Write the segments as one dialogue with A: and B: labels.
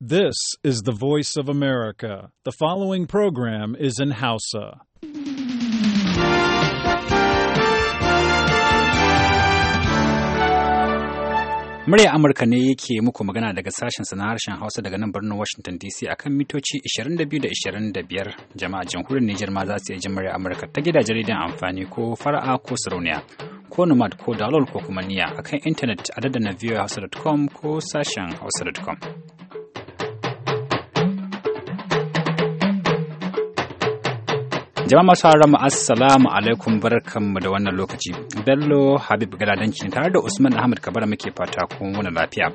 A: This is the voice of America. The following program is in Hausa.
B: Murya Amurka ne yake muku magana daga sashen na harshen Hausa daga nan birnin Washington DC akan mitoci 22 da 25 jama'a jamhuriyar Nijar ma za su iya jin murya Amurka ta gida jaridan amfani ko fara'a ko sarauniya ko nomad ko dalol ko kuma niya akan intanet a dadana voahausa.com ko sashen hausa.com. Jama'a masu haramu assalamu alaikum barkanmu da wannan lokaci. Bello Habib gada Galadanci tare da Usman Ahmad Kabara muke fata kun wani lafiya.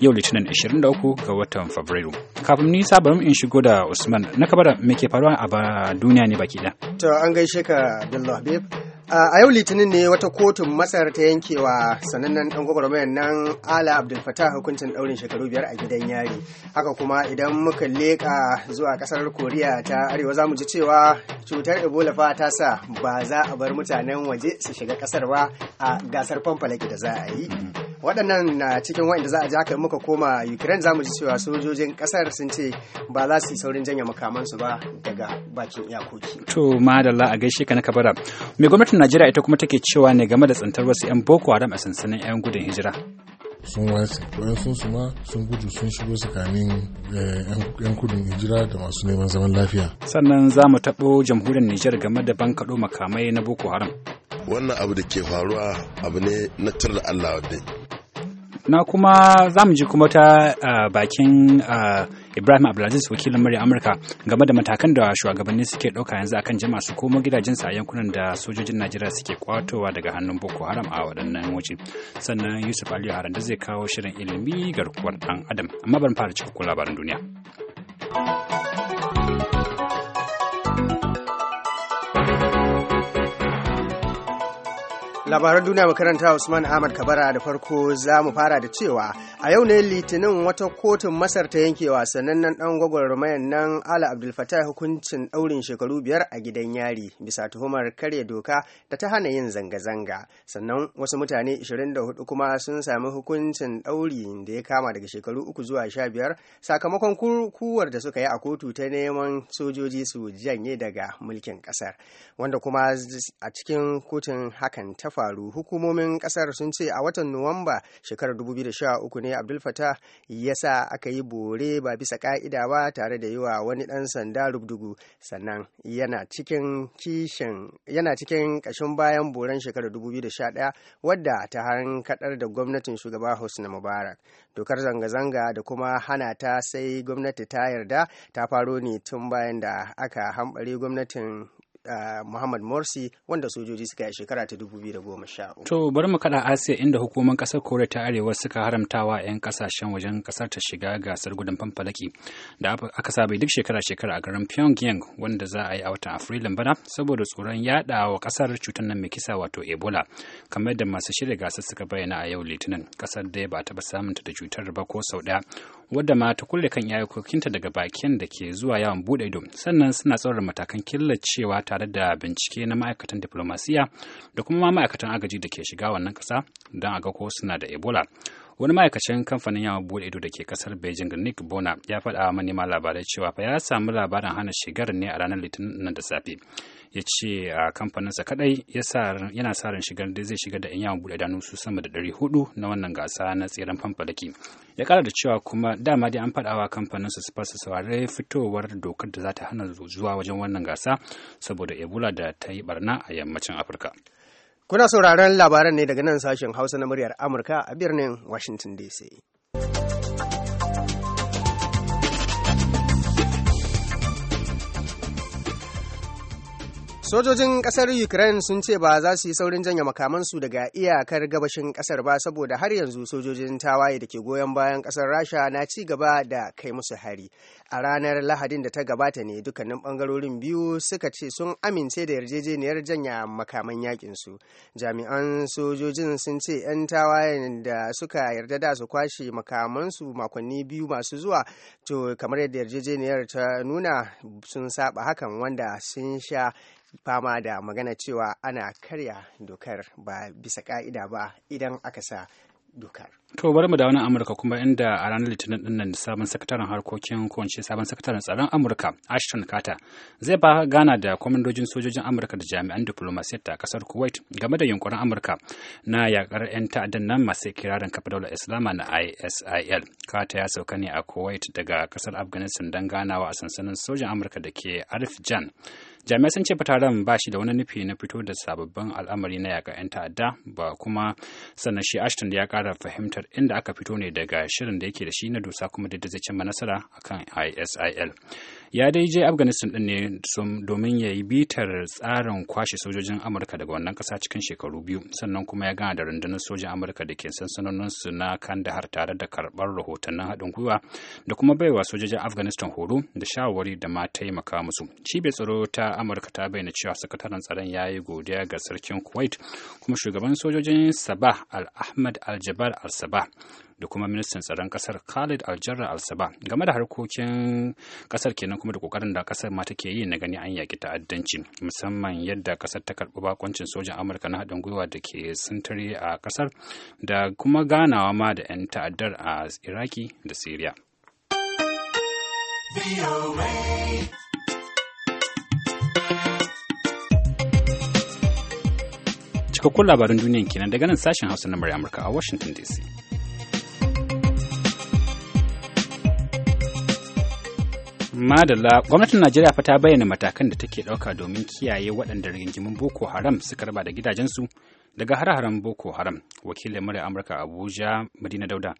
B: Yau Litinin 23 ga watan Fabrairu. Kafin nisa bari in shigo da Usman na Kabara muke faruwa a duniya ne baki ɗaya.
C: To an gaishe ka Bello Habib. a yau litinin ne wata kotun masar ta yankewa sanannen dan gwagwarmayar nan ala abdul fatah hukuncin daurin shekaru biyar a gidan yari haka kuma idan muka leƙa zuwa kasar koriya ta arewa za mu ji cewa cutar ebola fa ta sa ba za a bar mutanen waje su shiga kasar ba a gasar fanfalaki da za a yi mm-hmm. waɗannan na cikin wa'inda za a ji haka muka koma ukraine zamu ji cewa sojojin ƙasar sun ce ba za su yi saurin janye makamansu ba daga bakin iyakoki
B: to madalla a gaishe ka na kabara mai gwamnatin najeriya ita kuma take cewa ne game da tsantar wasu 'yan boko haram a sansanin 'yan gudun hijira
D: sun watsi wayansu su ma sun gudu sun shigo tsakanin eh, yan kudin hijira da masu neman zaman lafiya
B: sannan za mu taɓo jamhuriyar nijar game da bankaɗo makamai na boko haram
E: wannan abu da ke faruwa abu ne na tar allah wadda
B: na kuma za mu ji kuma ta bakin ibrahim abdulaziz wakilin murya amurka game da matakan da shugabanni suke ɗauka yanzu akan jama'a su komo gidajensu a yankunan da sojojin najeriya suke kwatowa daga hannun boko haram a waɗannan wuce sannan yusuf aliyu haran da zai kawo shirin ilimi garkuwar ɗan adam amma ban fara cikakkun labaran duniya
C: labaran duniya makaranta usman ahmad kabara da farko za mu fara da cewa a yau ne litinin wata kotun masar ta yankewa sanannen dan gwagwarmayan nan ala abdulfatah hukuncin daurin shekaru biyar a gidan yari bisa tuhumar karya doka da ta hana yin zanga-zanga sannan wasu mutane 24 kuma sun sami hukuncin dauri da ya kama daga shekaru uku zuwa sha biyar sakamakon kuwar da suka yi a kotu ta neman sojoji su janye daga mulkin kasar wanda kuma a cikin kotun hakan ta faru hukumomin kasar sun ce a watan nuwamba shekarar 2013 ne abdul fatah ya sa aka yi bore ba bisa ka'ida ba tare da yi wa wani dan sanda rubdugu sannan yana cikin kishin kashin bayan boren shekarar 2011 wadda ta hankadar da gwamnatin shugaba husna mubarak dokar zanga-zanga da kuma hana ta sai gwamnati ta yarda ta faro ne tun bayan da aka hambare gwamnatin Muhammad Morsi wanda sojoji suka yi shekara ta 2010.
B: To bari mu kada Asiya inda hukumar kasar Koriya ta Arewa suka haramtawa 'yan kasashen wajen kasar ta shiga gasar gudun fanfalaki da aka saba duk shekara-shekara a garin Pyongyang wanda za a yi a watan Afrilun bana saboda tsoron yada wa kasar cutar nan mai kisa wato Ebola kamar da masu shirya gasar suka bayyana a yau Litinin kasar da ba ta samunta da cutar ba ko sau ɗaya wadda ma ta kulle kan iyakokinta daga bakin da ke zuwa yawon bude ido sannan suna tsoron matakan killacewa tare da bincike na ma'aikatan diplomasiya da kuma ma ma'aikatan agaji da ke shiga wannan kasa don a ga ko suna da ebola wani ma'aikacin kamfanin yawon buɗe ido da ke kasar beijing nick bona ya faɗa wa manema labarai cewa fa ya samu labarin hana shigar ne a ranar litinin nan da safe ya ce a kamfaninsa kadai yana sa ran shigar da zai shigar da 'yan yawon bude idanu su sama da ɗari hudu na wannan gasa na tseren fanfalaki ya kara da cewa kuma dama dai an faɗa wa kamfaninsa su fasa saurare fitowar dokar da za ta hana zuwa wajen wannan gasa saboda ebola da ta yi barna a yammacin afirka
C: Kuna sauraron labaran ne daga nan sashen Hausa na muryar Amurka a birnin Washington DC. Sojojin kasar Ukraine sun ce ba za su yi saurin janye makamansu daga iyakar gabashin kasar ba saboda har yanzu sojojin tawaye da ke goyon bayan kasar Rasha na ci gaba da kai musu hari. A ranar Lahadin da ta gabata ne dukkanin bangarorin biyu suka ce sun amince da yarjejeniyar janya makaman yakin Jami'an sojojin sun ce 'yan tawayen da suka yarda da su kwashe makamansu makonni biyu masu zuwa to kamar yadda yarjejeniyar ta nuna sun saba hakan wanda sun sha fama da magana cewa ana karya dokar ba bisa ka'ida ba idan aka sa
B: dokar. To bari mu da wani Amurka kuma inda a ranar Litinin din nan sabon sakataren harkokin ko sabon sakataren tsaron Amurka Ashton Carter zai ba gana da kwamandojin sojojin Amurka da jami'an diplomasiyyar ta kasar Kuwait game da yunkurin Amurka na yakar 'yan ta'addan nan masu kirarin kafa daular Islama na ISIL. Carter ya sauka ne a Kuwait daga kasar Afghanistan don ganawa a sansanin sojan Amurka da ke Arif Jan. jami'ai sun ce fitaren ba shi da wani nufi na fito da sababbin al'amari na yaƙa 'yan ta'adda ba kuma sannan shi ashton ya kara fahimtar inda aka fito ne daga shirin da yake da shi na dusa kuma da zai cimma nasara akan isil ya dai je afghanistan din ne domin ya yi bitar tsarin kwashe sojojin amurka daga wannan kasa cikin shekaru biyu sannan kuma ya gana da rundunar sojin amurka da ke sansanoninsu na kandahar tare da karbar rahotannin haɗin gwiwa da kuma baiwa sojojin afghanistan horo da shawarwari da ma taimaka musu cibiyar tsaro ta amurka ta bayyana cewa sakataren tsaron ya yi godiya ga sarkin kuwait kuma shugaban sojojin sabah al-ahmad al-jabbar al-sabah da kuma ministan tsaron kasar khalid aljarra al game da harkokin kasar kenan kuma da kokarin da kasar ma take yi na gani an yaki ta'addanci musamman yadda kasar ta karbi bakoncin sojan amurka na haɗin gwiwa da ke sintiri a kasar da kuma ganawa ma da 'yan ta'addar a iraki da syria cikakkun labarin duniyan kenan daga nan sashen hausa na murya amurka a washington dc Madala, gwamnatin Najeriya fa ta bayyana matakan da take ɗauka domin kiyaye waɗanda rigingimin Boko Haram suka raba da gidajensu daga har-haren Boko Haram. Wakilin murya Amurka Abuja Madina Dauda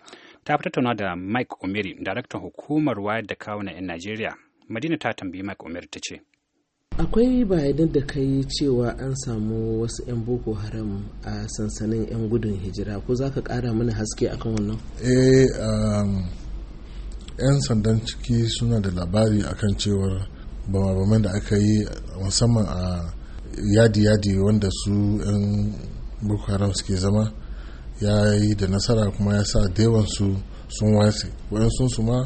B: ta fi tattauna da Mike Omeri, daraktan hukumar wayar da kawunan 'yan Najeriya. Madina ta tambayi Mike Omeri ta ce.
F: akwai bayanan da ka yi cewa an samu wasu 'yan boko haram a sansanin 'yan gudun hijira ko za ka kara mana haske akan wannan
D: eh um, 'yan sandan ciki suna da labari akan cewar bama-baman da aka yi musamman a yadi-yadi wanda su 'yan boko haram suke zama ya yi da nasara kuma ya sa dewan su sun wase wayansu su ma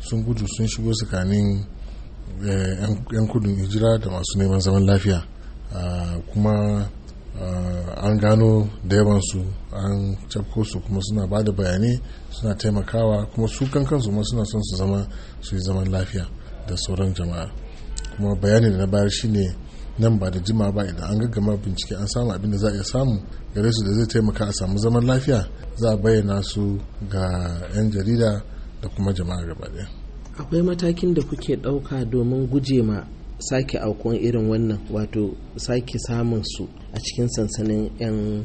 D: sun gudu sun shigo tsakanin eh, 'yan kudin hijira da masu neman zaman lafiya ah, kuma Eh, an gano da yawansu an cafko su kuma suna ba da bayanai suna taimakawa kuma su kansu ma suna son su zama su yi zaman lafiya da sauran jama'a kuma bayani da na bayar shine nan ba da jima ba idan an gaggama bincike an samu abin da za a iya samu gare su da zai taimaka a samu zaman lafiya za a bayyana su ga 'yan jarida da kuma jama'a gaba ɗaya akwai
F: matakin da kuke ɗauka domin guje ma sake aukuwan irin wannan wato sake samun su a cikin sansanin 'yan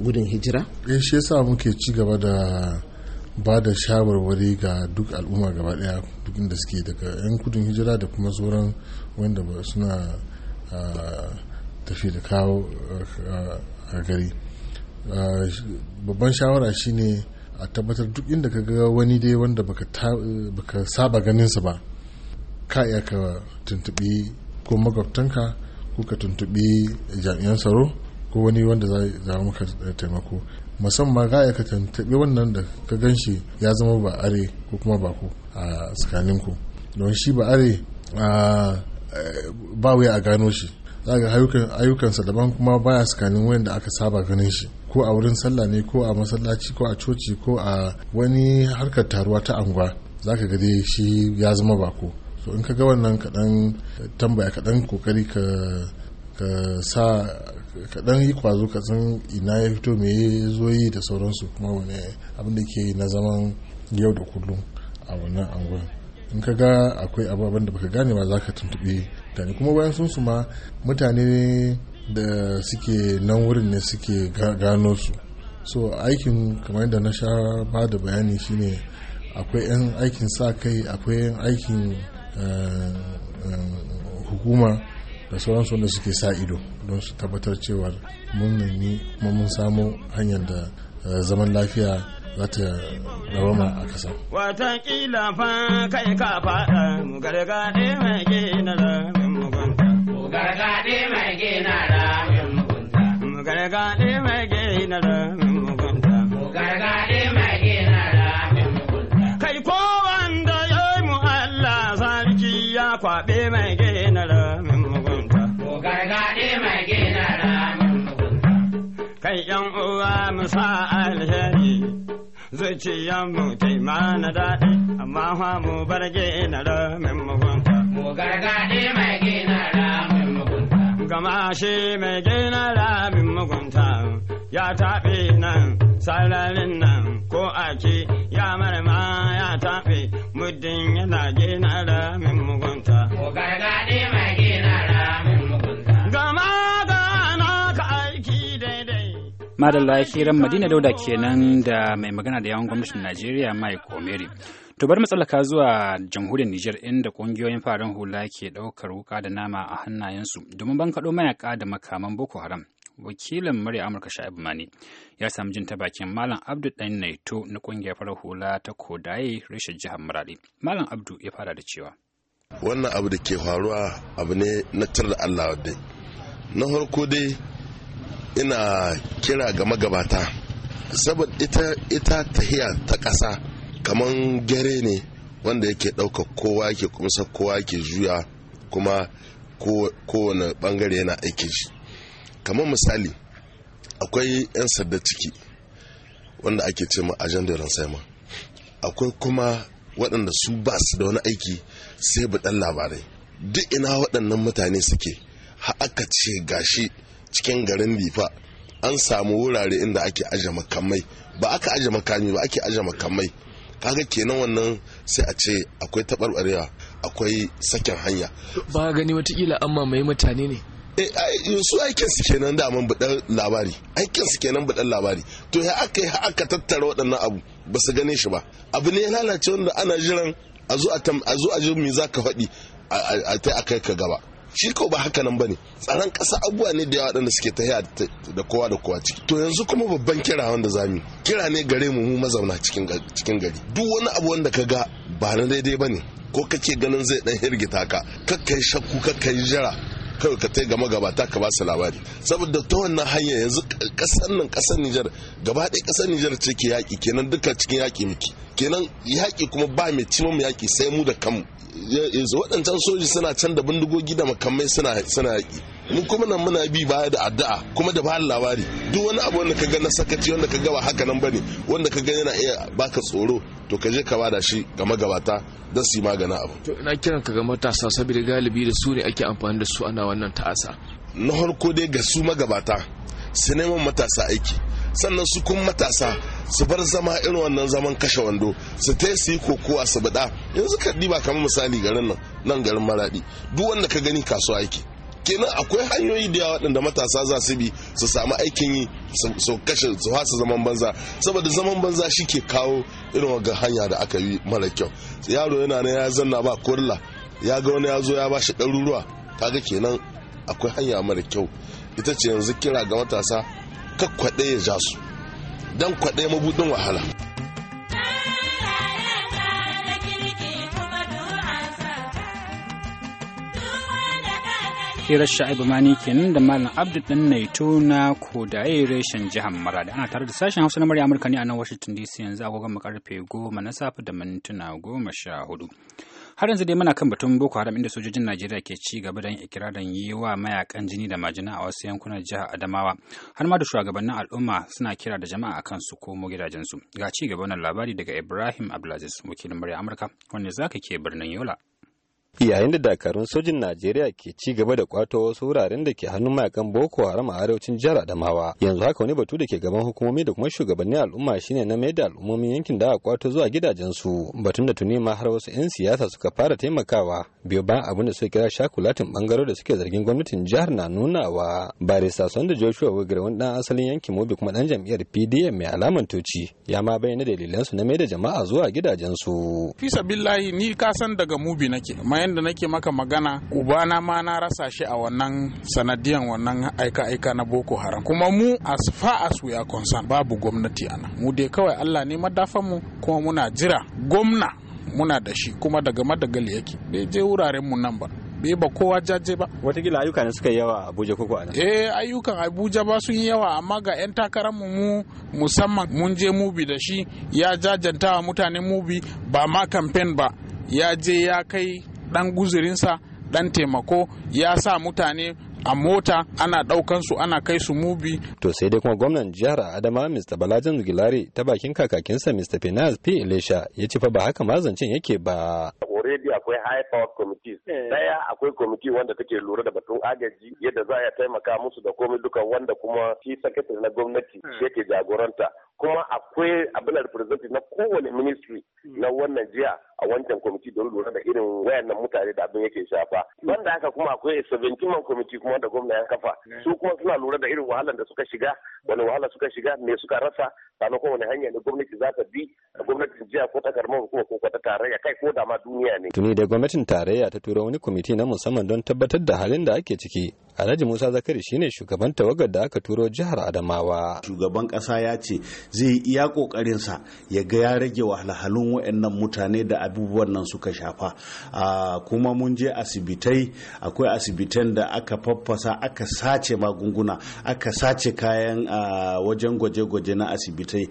F: gudun hijira?
D: ya eh, shi yasa muke ci gaba da ba da shawarwari ga duk al'umma gaba daya duk inda suke daga 'yan gudun hijira da kuma sauran wanda ba suna tafi da kawo a gari babban shawara shine a tabbatar duk inda ka ga wani dai wanda baka saba ganinsa ba ka iya ka tuntuɓi ko magabtanka ko ka tuntuɓi jami'an tsaro ko wani wanda za maka taimako musamman ga ya ka tuntuɓi wannan da ka gan shi ya zama ba are ko kuma ba ku a tsakaninku don shi ba are ba wuya a gano shi za ga ayyukansa daban kuma baya tsakanin wanda aka saba ganin shi ko a wurin sallah ne ko a masallaci ko a coci ko a wani harkar taruwa ta anguwa za ka gade shi ya zama bako so in ka ga wannan kaɗan tambaya kaɗan kokari ka ka sa kaɗan yi kwazo ka san ina ya fito me ya zo yi da sauransu kuma wani abin da ke na zaman yau da kullum a wannan angon in ka ga akwai ababen da baka gane ma za ka tuntuɓe mutane kuma bayan sun su ma mutane da suke nan wurin ne suke gano su so aikin kamar da na sha ba da bayani shine akwai 'yan aikin sa kai akwai 'yan aikin Eh, hukuma da sauransu wanda suke sa ido don su tabbatar cewa mun nemi kuma mun samu hanyar da eh, zaman lafiya za ta dawama a ƙasa.
E: Watakila fa kai ka faɗa
C: mu gargaɗe mai gina da mugunta. Mu gargaɗe mai gina da mugunta. Mu gargaɗe mai gina da zuciyanmu ta yi mana daɗi amma fa mu bar gina ramin mugunta. Mu
G: gargaɗi mai gina ramin mugunta.
C: Gama shi mai gina ramin mugunta ya taɓe nan sararin nan ko ake ya marama ya taɓe muddin yana gina ramin
B: madalla hiran madina dauda kenan da mai magana da yawon gwamnatin najeriya mike omeri to bar matsalaka zuwa jamhuriyar niger inda kungiyoyin farin hula ke daukar wuka da nama a hannayensu domin bankaɗo mayaka da makaman boko haram wakilin murya amurka sha'ibu mani ya samu jin ta bakin malam abdu dan naito na kungiyar farar hula ta kodaye rashin jihar murali malam abdu ya fara da cewa
E: wannan abu da ke faruwa abu ne na tar allah na farko dai ina kira ga magabata saboda ita ita tahiya ta ƙasa kaman gare ne wanda yake ɗaukar kowa yake kumsa kowa yake juya kuma kowane bangare yana aiki shi kaman misali akwai 'yan sadda ciki wanda ake ce ma ajan ransaima akwai kuma waɗanda su ba su da wani aiki sai ɗan labarai duk ina waɗannan mutane suke ha'aka ce gashi cikin garin lifa an samu wurare inda ake aje makamai ba aka aje makami ba ake aje makamai kaga kenan wannan sai a ce akwai taɓarɓarewa akwai sakin hanya ba gani watakila an mamaye mutane ne eh, su aikin su kenan da mun budan labari aikin su kenan budan labari to ya aka yi aka tattara waɗannan abu ba su gane shi ba abu ne ya lalace wanda ana jiran a zo a ji me za ka faɗi a kai ka gaba shi ko ba haka nan bane tsaron kasa, abubuwa ne da yawa waɗanda suke tahiya da kowa da kowa ciki to yanzu kuma babban kira wanda zamu kira ne gare mu mu mazauna cikin gari duk wani abu wanda ka ga ba na daidai bane ko kake ganin zai dan hirgita ka kakkai shakku kakkai jira kawai ka tai gama gabata ka ba su labari saboda ta wannan hanya yanzu kasar nan kasar Nijar gaba ɗaya kasar Nijar ce ke yaƙi kenan duka cikin yaƙi miki kenan yaƙi kuma ba mai cimma mu yaƙi sai mu da kanmu waɗancan soji suna can da bindigogi da makamai suna yaƙi mun kuma nan muna bi baya da addu'a kuma da bayan labari duk wani abu wanda ka ga na sakaci wanda ka ga ba haka nan bane wanda ka ga yana iya baka tsoro to ka je ka bada shi ga magabata don su yi magana abu to ina kiran ka ga matasa saboda galibi da su ne ake amfani da su ana wannan ta'asa na farko dai ga su magabata su neman matasa aiki sannan su kun matasa su bar zama irin wannan zaman kashe wando su ta su yi kokowa su bada yanzu ka ba kamar misali garin nan garin maradi duk wanda ka gani kasuwa yake kenan akwai hanyoyi da yawa waɗanda matasa za su bi su samu aikin yi su kashe su hasa zaman banza saboda zaman banza shi ke kawo irin waga hanya da aka yi mara kyau yaro yana na ya zanna ba kurla ya ga wani ya zo ya ba shi ɗaruruwa kaga kenan akwai hanya mara kyau ita ce yanzu kira ga matasa kakwaɗe ya ja su don kwaɗe mabuɗin wahala
B: kira sha'ibu mani kenan da malam abdu ɗin naito na kodaye reshen jihar marada ana tare da sashen hausa na murya amurka ne a nan washington dc yanzu agogon makarfe goma na safe da mintuna goma sha hudu har yanzu dai muna kan batun boko haram inda sojojin najeriya ke ci gaba da yin ikirarin yi wa mayakan jini da majina a wasu yankunan jihar adamawa har ma da shugabannin al'umma suna kira da jama'a akan su komo gidajensu ga ci gaba wannan labari daga ibrahim abdulaziz wakilin murya amurka wanda zaka ke birnin yola
A: yayin da dakarun sojin najeriya ke ci gaba da kwato wasu wuraren da ke hannun mayakan boko haram a arewacin jihar adamawa yanzu haka wani batu da ke gaban hukumomi da kuma shugabannin al'umma shine na maida al'ummomin yankin da aka kwato zuwa gidajensu batun da tuni ma har wasu 'yan siyasa suka fara taimakawa biyo bayan abin da suka kira shakulatin bangaro da suke zargin gwamnatin jihar na nunawa barista da joshua wigar wani dan asalin yankin mobi kuma dan jam'iyyar pdm mai alaman toci ya ma bayyana dalilansu na maida jama'a zuwa gidajensu
D: fi sabillahi ni kasan daga mubi nake yadda nake maka magana ubana ma na rasa shi a wannan sanadiyan wannan aika-aika na boko haram kuma mu as far as we are concerned babu gwamnati ana mu dai kawai allah ne madafan mu kuma muna jira gwamna muna da shi kuma daga madagali yake bai je wuraren mu nan ba bai ba kowa jaje ba watakila ayyuka ne suka yawa abuja koko a nan eh ayyukan abuja ba sun yawa amma ga yan takarar mu mu musamman mun je mubi da shi ya jajanta wa mutanen mubi ba ma kamfen ba ya je ya kai ɗan guzurinsa ɗan taimako ya sa mutane a mota ana ɗaukan su ana kai su mubi.
A: To sai dai kuma gwamnan jihar Adama Mr. Balajan Gilari ta bakin kakakinsa Mr. Finance P. Elisha ya ci fa ba haka mazancin yake ba.
E: already akwai high power committees eh. daya akwai kwamiti wanda take lura da batun agaji yadda za a taimaka musu da komai duka wanda kuma shi sakatare na gwamnati hmm. yake jagoranta kuma akwai abin representi na kowane ministry hmm. na wannan jiya a wancan kwamiti don lura da irin wayannan mutane da abin yake shafa hmm. banda haka kuma akwai 17 man kwamiti kuma da gwamna ya kafa hmm. su kuma suna lura da irin wahalar da suka shiga wani wahala suka shiga me suka rasa sannan kuma wani hanya ne gwamnati za ta bi a gwamnatin jiya ko ta mawa hukuma ko ta tarayya kai ko da duniya ne tuni
A: da gwamnatin tarayya ta turo wani kwamiti na musamman don tabbatar da halin da ake ciki Alhaji Musa Zakari shine
E: shugaban tawagar da aka turo jihar Adamawa. Shugaban kasa ya ce zai iya kokarinsa ya ga ya rage wahalhalun waɗannan mutane da abubuwan nan suka shafa kuma mun je asibitai akwai asibitan da aka faffasa aka sace magunguna aka sace kayan wajen gwaje-gwaje na asibitai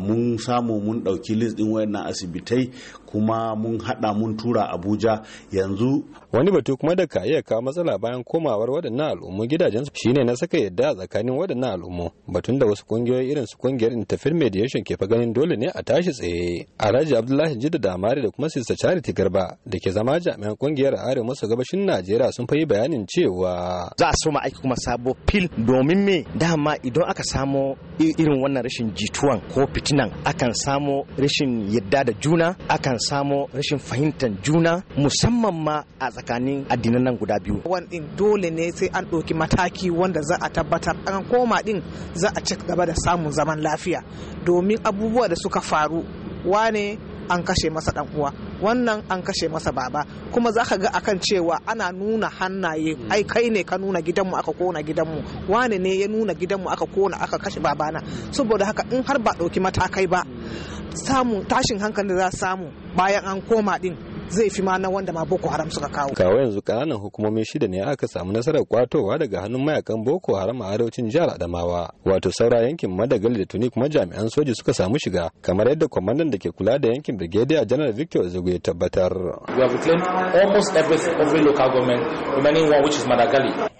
E: mun samu mun ɗauki list ɗin waɗannan asibitai kuma mun haɗa mun tura abuja
A: yanzu wani batu kuma da ka matsala bayan komawar waɗannan al'ummu gidajensu shine na saka yadda a tsakanin waɗannan al'ummu batun da wasu ƙungiyoyi irin su ƙungiyar jam'iyyar interfaith mediation ke ganin dole ne a tashi tsaye alhaji abdullahi jidda da amari da kuma sista charity garba da ke zama jami'an kungiyar arewa maso gabashin najeriya sun fa bayanin cewa za a soma aiki kuma sabo fil domin me dama idan aka samo irin wannan rashin jituwan ko fitinan
C: akan samo rashin yadda da juna akan samo rashin fahimtar juna musamman ma a tsakanin addinan nan guda biyu
F: din dole ne sai an ɗauki mataki wanda za a tabbatar an koma din za a cika gaba da samun zaman lafiya lafiya domin abubuwa da suka faru wane an kashe masa dan uwa wannan an kashe masa baba kuma za ka ga akan cewa ana nuna hannaye mm. ai kai ne ka nuna gidanmu aka kona gidanmu wane ne ya nuna gidanmu aka kona aka kashe babana saboda haka in har ba ɗauki matakai ba samun tashin hankali za samu bayan an koma din zai fi ma na wanda ma boko haram suka kawo
A: kawo yanzu kananan hukumomi shida ne aka samu nasarar kwatowa daga hannun mayakan boko haram a arewacin jihar adamawa wato saura yankin madagali da tuni kuma jami'an soji suka samu shiga kamar yadda kwamandan da ke kula da yankin brigadier general victor zugu ya tabbatar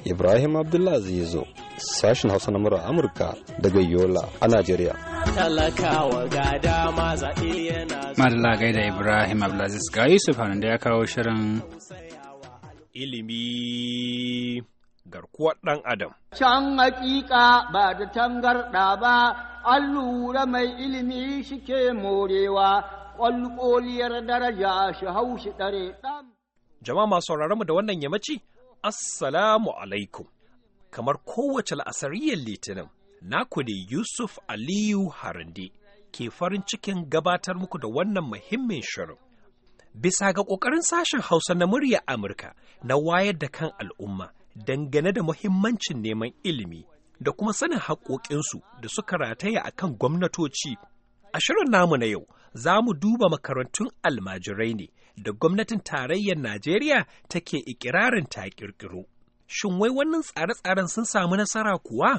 A: ibrahim abdullah zizo sashen hausa na murar amurka daga yola a najeriya
E: talakawa
B: madalla gaida ibrahim abdulaziz ga yusuf da ya kawo shirin
H: ilimi garkuwar ɗan adam
C: can hakika ba da tangarɗa ba an lura mai ilimi shike morewa kwalkoliyar daraja shi haushi ɗare
H: jama'a masu sauraron mu da wannan yamaci assalamu alaikum kamar kowace la'asariyar litinin naku ne Yusuf Aliyu Harande ke farin cikin gabatar muku da wannan muhimmin shirin. Bisa ga ƙoƙarin sashen Hausa na murya Amurka na wayar da kan al'umma dangane da muhimmancin neman ilimi da kuma sanin haƙoƙinsu da suka rataya a kan gwamnatoci. A shirin namu na yau za mu duba makarantun almajirai ne da gwamnatin tarayyar Najeriya take ikirarin ta ƙirƙiro. shin wai wannan tsare-tsaren sun samu nasara kuwa?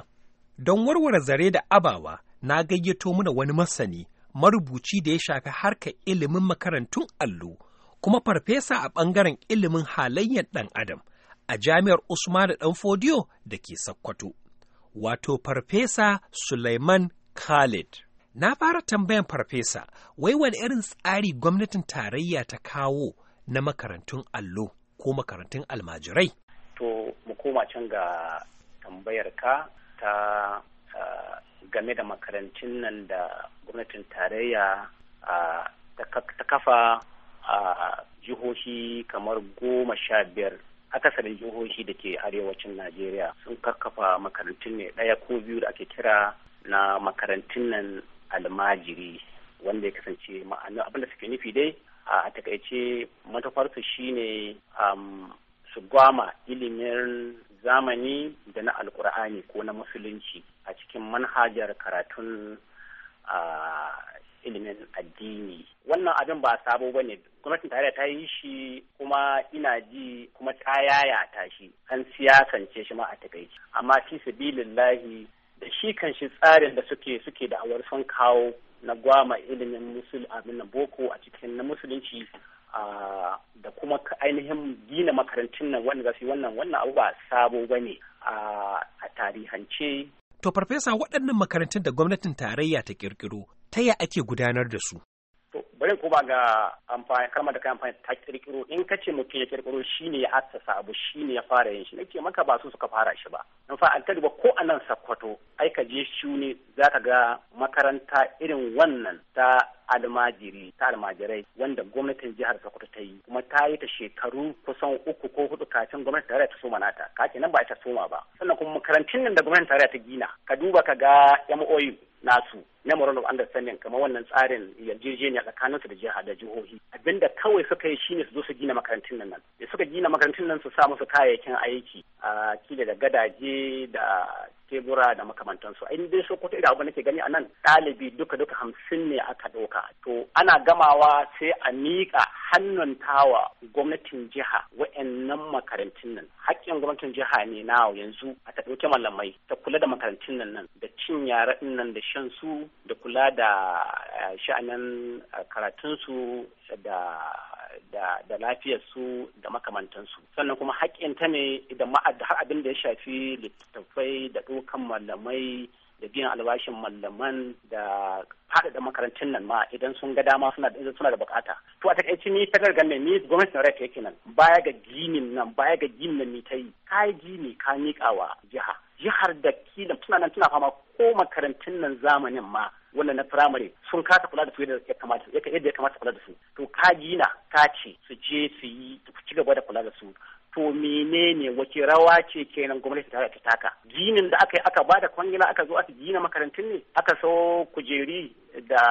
H: Don warware zare da abawa, na gayyato mana wani masani, marubuci da ya shafi harka ilimin makarantun allo, kuma farfesa a ɓangaren ilimin halayyar ɗan adam a jami'ar Usmanu Fodiyo da ke Sokoto. Wato farfesa Suleiman Khalid. Na fara tambayan farfesa, wai wani irin tsari gwamnatin tarayya ta kawo na makarantun allo ko makarantun almajirai?
G: mu koma can ga tambayar ka ta game da makarantun nan da gwamnatin tarayya ta kafa a jihohi kamar goma sha biyar akasarin jihohi da ke arewacin najeriya sun kakkafa makarantun ne daya ko biyu da ake kira na makarantun nan almajiri wanda ya kasance ma'ana abinda suke nufi dai a takaice matafarsu shine um, su gwama ilimin zamani da na alkur'ani ko na musulunci a cikin manhajar karatun ilimin addini wannan abin ba sabo ba ne gwamnatin tarayya ta yi shi kuma ina ji kuma ta yaya ta shi an siyasance shi ma a takaici amma fi sabilillahi da shi kan shi tsarin da suke suke da awar sun kawo na gwama ilimin musul abin na boko a cikin na musulunci da kuma ainihin gina makarantun nan wanda za wannan wannan abu ba sabo ba ne a tarihance.
H: To farfesa waɗannan makarantun da gwamnatin tarayya ta ƙirƙiro ta ya ake gudanar da su?
G: To bari ko ba ga amfani da kai amfani ta ƙirƙiro in ka ce mutum ya ƙirƙiro shi ne ya asasa abu shi ne ya fara yin shi nake maka ba su suka fara shi ba. In fa an ko a nan Sakkwato ai je shi ne za ka ga makaranta irin wannan ta almajiri ta almajirai wanda gwamnatin jihar Sokoto ta yi kuma ta yi ta shekaru kusan uku ko hudu kafin gwamnatin tarayya ta soma nata ka nan ba ta soma ba sannan kuma makarantun nan da gwamnatin tarayya ta gina ka duba ka ga MOU nasu memorandum of understanding kamar wannan tsarin yarjejeniya tsakanin su da jiha da jihohi abinda kawai suka yi shine su zo su gina makarantun nan da suka gina makarantun nan su sa musu kayayyakin aiki a kila da gadaje da tebura da makamantansu in dai sokoto irin abu nake gani a nan ɗalibi duka duka hamsin ne aka ɗauka to ana gamawa sai a miƙa hannun tawa gwamnatin jiha wa'annan makarantun nan haƙƙin gwamnatin jiha ne na yanzu a ta ɗauki malamai ta kula da makarantun nan nan da cin yara nan da shan su da kula da eh, sha'anin eh, karatunsu da da su da makamantansu sannan kuma ta ne da har abin da ya shafi littattafai da ɗaukan malamai da biyan albashin malaman da faɗaɗa makarantun nan ma idan sun ga dama suna da bukata to a takaice ni ta gargan ne ni gwamnatin rai ta yake nan baya ga ginin nan baya ga ginin nan ni ta yi ka yi gini ka miƙawa wa jiha jihar da kila tuna nan tuna fama ko makarantun nan zamanin ma wannan na firamare sun kasa kula da su yadda ya kamata yadda ya kamata kula da su to ka gina ka ce su je su yi ci gaba da kula da su to menene wace rawa ce kenan gwamnati ta taka jinin da aka yi aka ba da kwangila aka zo aka gina makarantun ne aka so kujeri da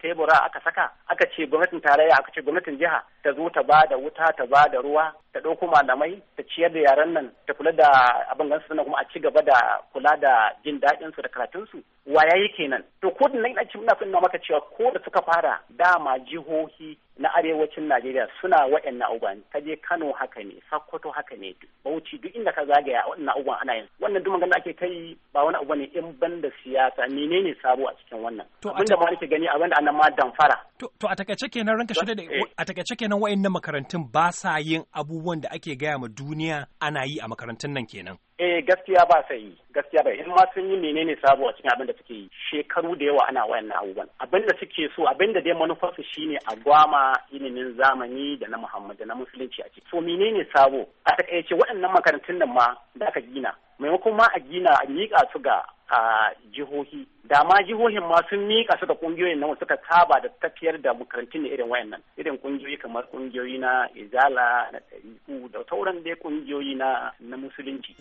G: tebura aka saka aka ce gwamnatin tarayya aka ce gwamnatin jiha ta zo ta ba da wuta ta ba da ruwa ta ɗauko malamai ta ciyar da yaran nan ta kula da abin gansu sannan kuma a ci gaba da kula da jin daɗin su da karatun su wa yayi kenan to ko da nan ci muna na maka cewa ko da suka fara dama jihohi na arewacin Najeriya suna waɗannan abubuwan ta je Kano haka ne Sokoto haka ne Bauchi duk inda ka zagaya waɗannan abubuwan ana yin wannan duk magana ake kai ba wani abu ne in ban da siyasa menene sabo a cikin wannan abin da ma nake gani abin da annan ma fara
H: to a takaice kenan ranka shirye da eh. a takaice kenan wayannan makarantun ba sa yin abubuwan da ake gaya ma duniya ana yi a makarantun nan kenan
G: eh gaskiya ba sa yi gaskiya ba in ma sun yi menene sabo a cikin abin da suke yi shekaru da yawa ana wayannan abubuwan abin da suke so abin da dai manufarsu shine a gwama ilimin zamani da na muhammad da na musulunci a ciki so menene sabo a takaice waɗannan makarantun nan ma da aka gina maimakon ma a gina a miƙa su ga a jihohi da ma jihohin ma sun miƙa su ga ƙungiyoyin nan suka saba da tafiyar da makarantun da irin wayannan irin ƙungiyoyi kamar ƙungiyoyi na izala na ɗariku da sauran dai ƙungiyoyi na na musulunci.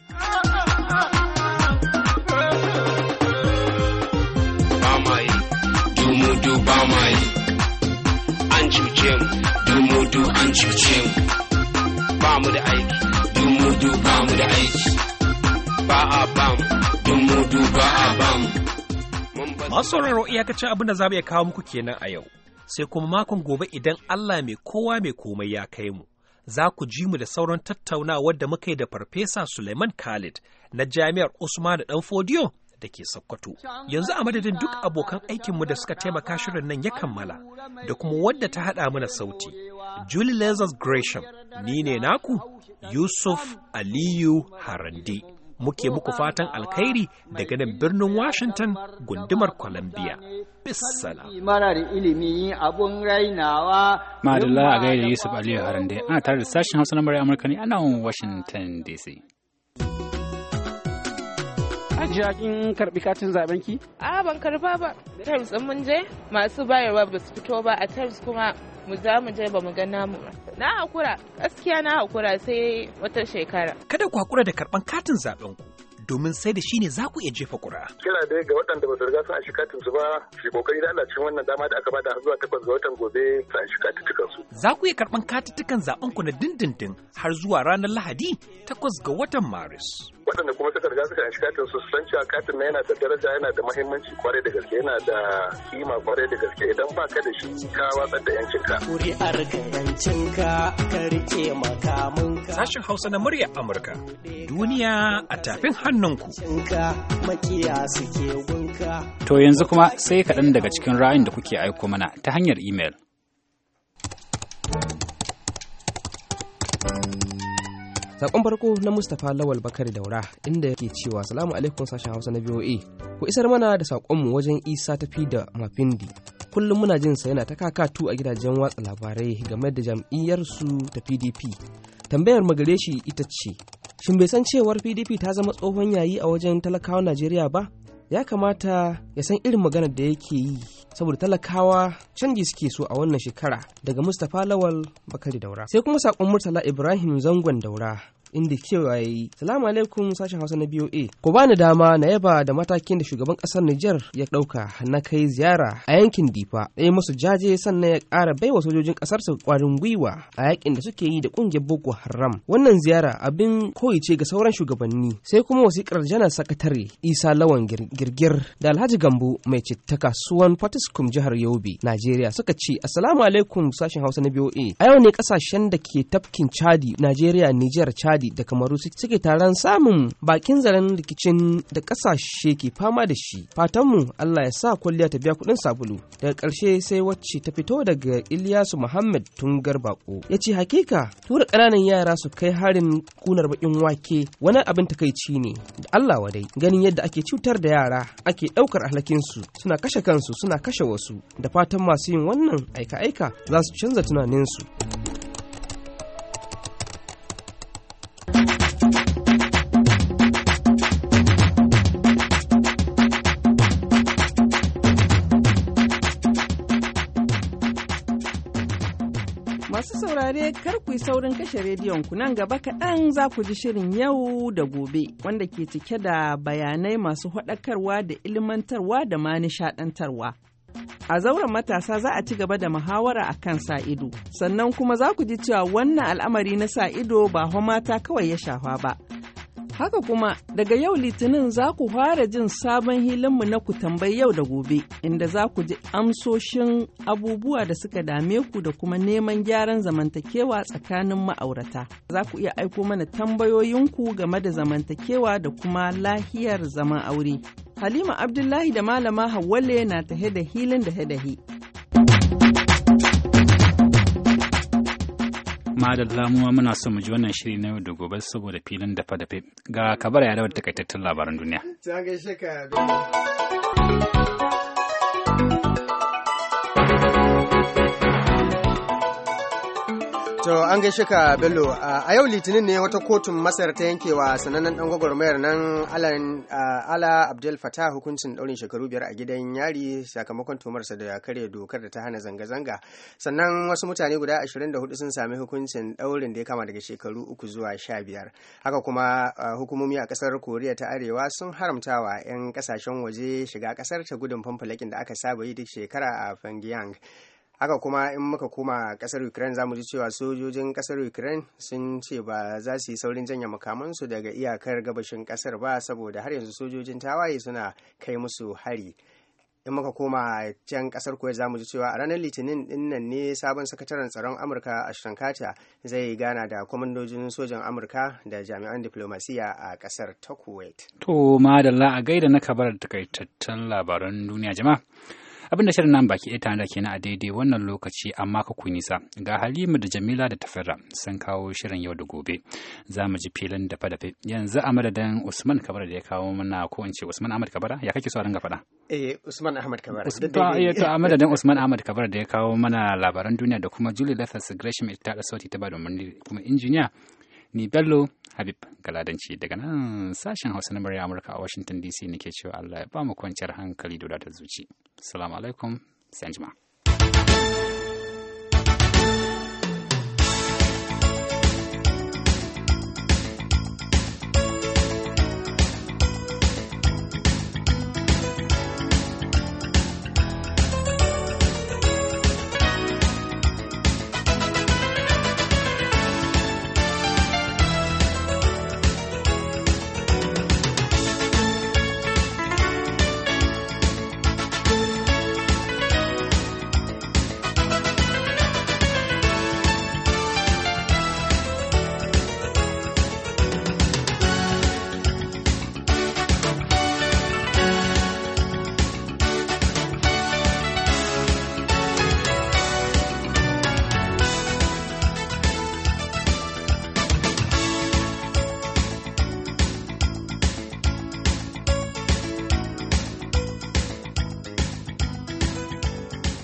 F: an mu, dumudu an cuce mu, ba mu da aiki, dumudu ba mu da aiki. ba a
H: bam, don mudu ba a bam. Masu sauraro iyakacin abin da za mu iya kawo muku kenan a yau, sai kuma makon gobe idan Allah mai kowa mai komai ya kai mu. Za ku ji mu da sauran tattaunawa da muka yi da Farfesa Suleiman Khalid na Jami'ar Usman da Danfodiyo da ke Sokoto. Yanzu a madadin duk abokan aikinmu da suka taimaka shirin nan ya kammala da kuma wadda ta haɗa mana sauti. Julie Lazarus Gresham, ni ne naku Yusuf Aliyu Harande. muke muku fatan alkhairi daga nan birnin Washington gundumar Columbia. Bissala. Madalla a gaida Yusuf Aliyu Harande, ana tare
B: da sashen Hausa na Murai Amurka ne a nan Washington DC. Hajiya kin karbi katin zaben ki?
F: A ban karba ba. Terms mun je masu bayarwa ba su fito ba a terms kuma mu za mu je ba mu ga namu ba na hakura gaskiya na hakura sai wata shekara
H: kada ku hakura da karban katin zaben ku domin sai da shi ne za ku iya jefa kura
E: Kira dai ga waɗanda ba su riga sun katin su ba, shi kokari da Allah cikin wannan dama da aka bada zuwa takwas ga watan gobe su shiga katuttukan su.
H: Za ku iya karɓan katuttukan zaɓen ku na dindindin har zuwa ranar Lahadi takwas ga watan Maris.
E: waɗanda kuma suka riga suka shiga katin su san cewa katin na yana da daraja yana da mahimmanci kwarai da gaske yana da kima kwarai da gaske idan ba ka da shi ka watsar da yancinka.
C: Kuri'ar ka yancinka ka rike
H: ka Sashen Hausa na murya Amurka. Duniya a tafin hannunku.
B: To yanzu kuma sai kaɗan daga cikin ra'ayin da kuke aiko mana ta hanyar imel.
F: Sakon farko na Mustapha Lawal Bakari Daura inda yake cewa salamu alaikum sashen Hausa na VOA. Ku isar mana da sakonmu wajen Isa tafi da Mafindi. Kullum muna jin sa yana ta kakatu a gidajen watsa labarai game da jam'iyyarsu ta PDP. Tambayar magare shi ita ce, shin bai san cewar PDP ta zama tsohon yayi a wajen talakawa Najeriya ba? ya kamata ya san irin maganar da yake yi saboda talakawa canji suke so a wannan shekara daga mustapha lawal bakari daura sai kuma saƙon murtala ibrahim zangon daura inda cewa yayi salamu alaikum sashen hausa na boa ku bani dama na yaba da matakin da shugaban kasar Nijar ya ɗauka na kai ziyara a yankin difa ɗaya musu jaje sannan ya ƙara wa sojojin ƙasar su ƙwarin gwiwa a yakin da suke yi da ƙungiyar boko haram wannan ziyara abin koyi ce ga sauran shugabanni sai kuma wasiƙar janar sakatare isa lawan girgir da alhaji gambo mai citta kasuwan fatiskum jihar yobe najeriya suka ce assalamu alaikum sashen hausa na boa a yau ne kasashen da ke tafkin chadi najeriya Nijar chadi Chadi da Kamaru suke taron samun bakin zaren rikicin da ƙasashe ke fama da shi. Fatanmu Allah ya sa kwalliya ta biya kuɗin sabulu. Daga ƙarshe sai wacce ta fito daga Ilyasu Muhammad Tungar Bako. Ya ce hakika tura ƙananan yara su kai harin kunar bakin wake wani abin takaici ne da Allah wadai ganin yadda ake cutar da yara ake ɗaukar alhakinsu suna kashe kansu suna kashe wasu da fatan masu yin wannan aika-aika za su canza tunaninsu. sai kar ku yi saurin kashe rediyon ku nan gaba kaɗan za ku ji shirin yau da gobe wanda ke cike da bayanai masu haɗakarwa da ilmantarwa da ma nishaɗantarwa. A zauren matasa za a ci gaba da muhawara a kan sa ido, sannan kuma za ku ji cewa wannan al'amari na sa ido ba mata kawai ya shafa ba. Haka kuma daga yau litinin za ku fara jin sabon hilinmu na ku tambayi yau da gobe inda za ku ji amsoshin abubuwa da suka dame ku da kuma neman gyaran zamantakewa tsakanin ma'aurata. Za ku iya aiko mana tambayoyinku game da zamantakewa da kuma lahiyar zaman aure. Halima Abdullahi da Malama Hawwale na tahe da hilin da he
B: Madalla mu muna son mu ji wannan shiri na yau da gobe saboda filin dafa-dafe. Ga kabara ya rawar takaitattun labaran
C: duniya. Ta gaishe ka. To an gaishe ka Bello a yau litinin ne wata kotun Masar ta yankewa sanannen dan gwagwarmayar nan Ala Abdel fatah hukuncin daurin shekaru biyar a gidan yari sakamakon tumarsa da kare dokar da ta hana zanga-zanga. Sannan wasu mutane guda 24 sun sami hukuncin daurin da ya kama daga shekaru uku zuwa sha biyar. Haka kuma hukumomi a kasar Koriya ta Arewa sun haramtawa 'yan kasashen waje shiga kasar ta gudun fanfalakin da aka saba yi duk shekara a Pyongyang. haka kuma in muka koma kasar ukraine za mu ji cewa sojojin kasar ukraine sun ce ba za su yi saurin janye makamansu daga iyakar gabashin kasar ba saboda har yanzu sojojin tawaye suna kai musu hari in muka koma can kasar kuwait za mu ji cewa a ranar litinin dinnan ne sabon sakataren tsaron amurka a shankata zai gana da kwamandojin sojan amurka da jami'an diplomasiya a kasar ta kuwait
B: to madalla a gaida na kabar takaitattun labaran duniya jama'a abinda shirin nan baki ɗaya tare da kenan a daidai wannan lokaci amma ka ku nisa ga halima da jamila da tafira sun kawo shirin yau da gobe za mu ji filin dafa dafe yanzu a madadin usman kabara da ya kawo mana ko in ce usman ahmad kabara ya kake so a ringa faɗa
C: eh usman ahmad kabara eh, to a madadin
B: usman ahmad kabara da ya kawo mana labaran duniya da kuma julie lethal gresham ita da sauti ta ba domin kuma injiniya ni bello habib galadanci daga nan sashen hausa na murya amurka a washington dc nake cewa allah ya ba mu kwanciyar hankali da wadatar zuci salamu alaikum sanjima